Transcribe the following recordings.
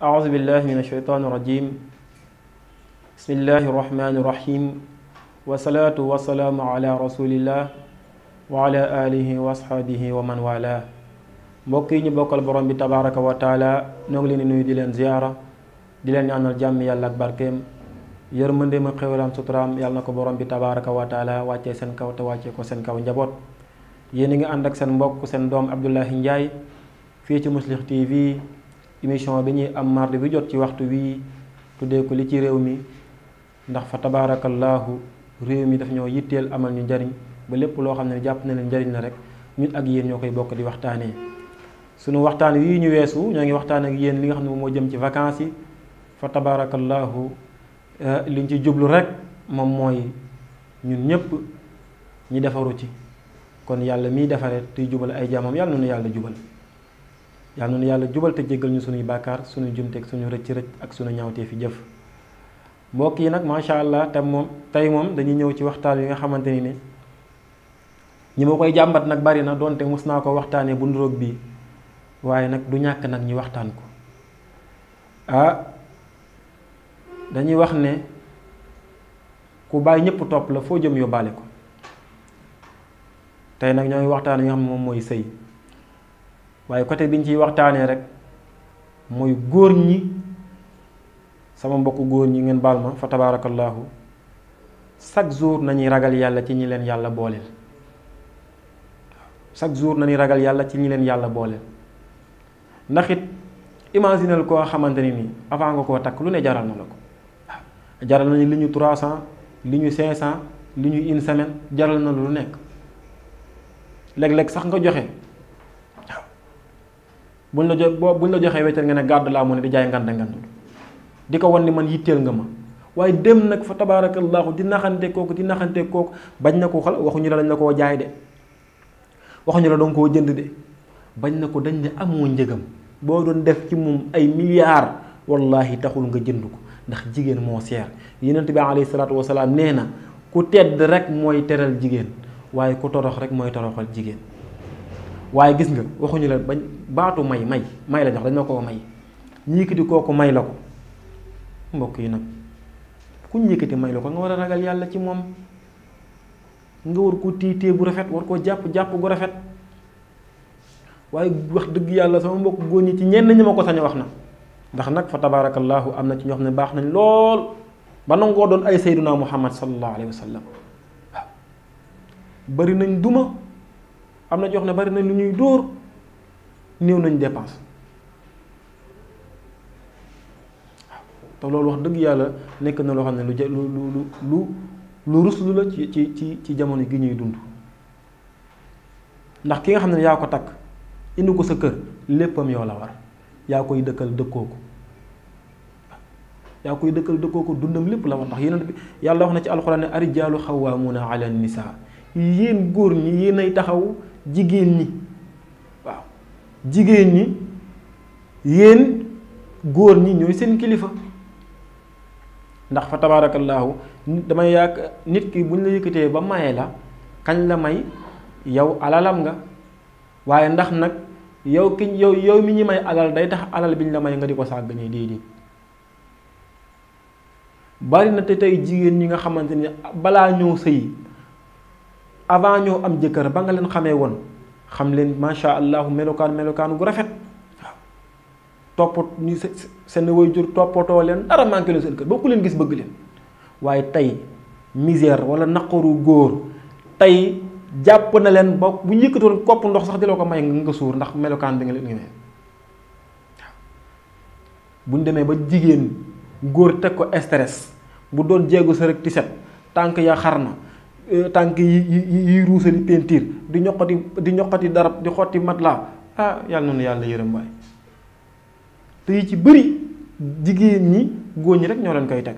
أعوذ بالله من الشيطان الرجيم بسم الله الرحمن الرحيم والصلاة والسلام على رسول الله وعلى آله وأصحابه ومن والاه mbokk yi ñu bokkal borom bi tabaaraka wa taala ñoo ngi leen di nuyu di leen ziyaara di leen ñaanal jàmm yàlla ak barkeem yërmandeem ak xéwalam suturaam yàlla na ko borom bi tabaaraka wa taala wàccee seen kaw te wàccee ko seen kaw njaboot yéen a ngi ànd ak seen mbokk seen doom Abdoulahi Ndiaye fii ci Mouslih TV émission bi ñuy am mardi bi jot ci waxtu wii tuddee ko li ci réew mi ndax fa tabaarakallaahu réew mi daf ñoo yitteel amal ñu njariñ ba lépp loo xam ne jàpp na leen njariñ la rek ñun ak yéen ñoo koy bokk di waxtaanee suñu waxtaan wii ñu weesu ñoo ngi waxtaan ak yéen li nga xam ne moom moo jëm ci vacances yi fa tabaarakallaahu eh, liñ ci jublu rek moom mooy ñun ñëpp ñi defaru ci kon yàlla miy defaree tey jubal ay jaamam yàlla noonu yàlla jubal yàlla noonu yàlla jubal te jéggal ñu suñuy bàkkaar suñu jumteeg suñu rëcc rëcc ak suñu ñaawtee fi jëf mbokk yi nag macha allah te moom tey moom dañuy ñëw ci waxtaan wi nga xamante ni ne ñi ma koy jàmbat nag bari na donte mos naa ko waxtaanee bu nduróog bii waaye nag du ñàkk nag ñu waxtaan ko ah dañuy wax ne ku bàyyi ñëpp topp la foo jëm yóbbaale ko tey nag ñoo ngi waxtaan yi nga xam moom mooy sëy waaye côté biñ ciy waxtaanee rek mooy góor ñi sama mbokk góor ñi ngeen baal ma fa tabaarakallaahu chaque jour ñuy ragal yàlla ci ñi leen yàlla booleel chaque jour nañuy ragal yàlla ci ñi leen yàlla booleel ndax it imaginel koo xamante ni nii avant nga koo takk lu ne jaral na la ko jaral na li ñu trois cent li ñu cinq cent li ñu une semaine jaral na lu nekk léeg-léeg sax nga joxe buñ la jox boo buñ la joxee weccal nga ne gàddu laa mu ne di jaay nganda ngandul di ko wan ni man yitteel nga ma waaye dem nag fa tabaarakallaahu di naxante kooku di naxante kooku bañ na ko xal waxuñu la dañ la koo jaay de waxuñu la doon koo jënd de bañ na ko dañ ne amoo njëgam boo doon def ci moom ay milliards wallahi taxul nga jënd ko ndax jigéen moo seer yonent bi alayhi salaatu wasalaam nee na ku tedd rek mooy teral jigéen waaye ku torox rek mooy toroxal jigéen waaye gis nga waxuñu la bañ baatu may may may la jox dañ na koo may ñu yëkkati kooku may la ko mbokk yi nag kuñ yëkkati may la ko nga war a ragal yàlla ci moom nga war koo tiitee bu rafet war koo jàpp jàpp bu rafet waaye wax dëgg yàlla sama mbokk góor ñi ci ñenn ñi ma ko sañ wax na ndax nag fa tabaarakallaahu am na ci ñoo xam ne baax nañ lool ba nangoo doon ay sayduna muhammad sallallahu alayhi wa sallam waaw bari nañ duma am na jox ne bari na lu ñuy dóor néew nañ dépense te loolu wax dëgg yàlla nekk na loo xam ne lu lu lu lu lu ruslu la ci ci ci ci jamono gi ñuy dund ndax ki nga xam ne yaa ko takk indi ko sa kër léppam yow la war yaa koy dëkkal dëkkoo ko yaa koy dëkkal dëkkoo ko dundam lépp la war ndax yeneen bi yàlla wax na ci alxuraan ne arijaalu xawaamuuna ala nisaa yéen góor ñi yéenay taxaw jigéen ñi waaw jigéen ñi yéen góor ñi ñooy seen kilifa ndax fa tabaarakallaahu damay yàq nit ki bu ñu la yëkkatee ba maye la kañ la may yow alalam nga waaye ndax nag yow ki yow yow mi ñu may alal day tax alal bi ñu la may nga di ko sàgg nii déedéet bari na te tey jigéen ñi nga xamante ni balaa ñëw sëy avant ñoo am jëkkër ba nga leen xamee woon xam leen macha allah melokaan melokaanu gu rafet waaw toppat ñu seen jur toppatoo leen dara manqué leen seen kër ba ku leen gis bëgg leen waaye tey misère wala naqaru góor tey jàpp na leen ba bu ñu yëkkatoon ndox sax di ko may nga suur ndax melokaan bi nga leen ngi bu demee ba jigéen góor teg ko stress bu doon jéego sa rek ti tànk ya xar na Euh, tànk yi yi yi ruusali pentiir di ñoqati di ñoqati darab di xotti matelas ah yàlla noonu yàlla yërëm waay te yi ci bëri jigéen ñi góor ñi rek ñoo leen koy teg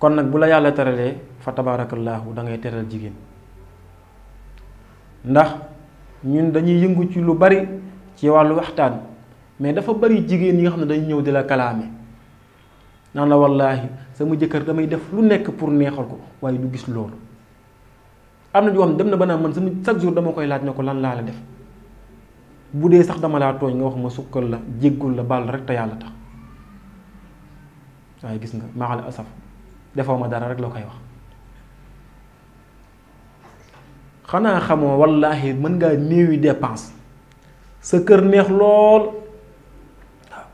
kon nag bu la yàlla teralee fa tabaarakallaahu dangay ngay teral jigéen ndax ñu dañuy yëngu ci lu bari ci wàllu waxtaan mais dafa bari jigéen yi nga xam ne dañu ñëw di la kalaame naan la wallaahi sama jëkkër damay def lu nekk pour neexal ko waaye du gis loolu am na joo dem na ba naa man sama chaque jour dama koy laaj ne ko lan laa la def bu dee sax dama laa tooñ nga wax ma sukkal la jéggul la baal rek te yàlla tax waaye gis nga maaxal asaf defoo ma dara rek loo koy wax xanaa xamoo wallaahi mën ngaa néewi dépense sa kër neex lool waaw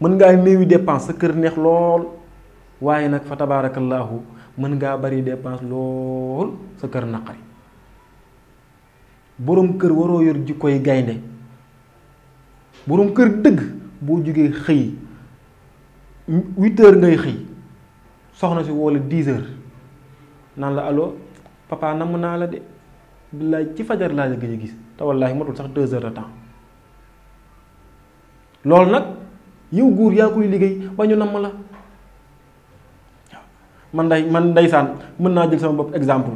mën ngaa néewi dépense sa kër neex lool waaye nag fa tabaarakallaahu mën ngaa bari dépense lool sa kër naqari boroom kër waroo yor jikkoy gaynde boroom kër dëgg boo jógee xëy huit heures ngay xëy soxna si wala dix heures naan la allo papa namm naa la de billaay ci fajar laa la gëj gis te wallaahi matul sax deux heures de temps loolu nag yow guur yaa koy liggéey ba ñu namm la man day man ndeysaan mën naa jël sama bopp exemple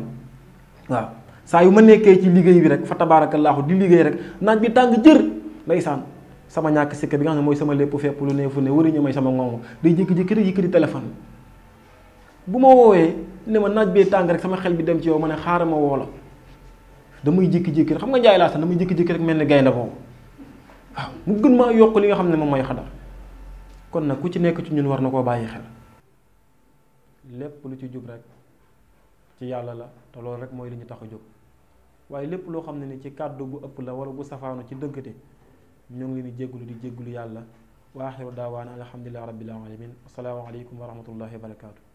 waaw saa yu ma nekkee ci liggéey bi rek fa tabaarakallaahu di liggéey rek naaj bi tàng jër ndeysaan sama ñàkk sikk bi nga xam ne mooy sama lépp fépp lu ne fu ne wëriñu may sama ngooŋ day jékki-jékki rek yëkkati téléphone bu ma woowee ne ma naaj bee tàng sama xel bi dem ci yow ma ne xaaral ma woo la damay jékki-jékki xam nga njaay laa sax damay jékki-jékki rek mel ni gaynde boobu waaw mu gën maa yokk li nga xam ne moom mooy xadar kon nag ku ci nekk ci ñun war na koo bàyyi xel lépp lu ci jub rek ci yàlla la te loolu rek mooy li ñu tax a jóg waaye lépp loo xam ne ni ci kàddu bu ëpp la wala bu safaanu ci dënkate ñoo ngi leen di jéggulu di jéggulu yàlla wa axiru daawaana alhamdulilahi rabbil alamin assalaamu aleykum wa rahmatullahi wa barakaatu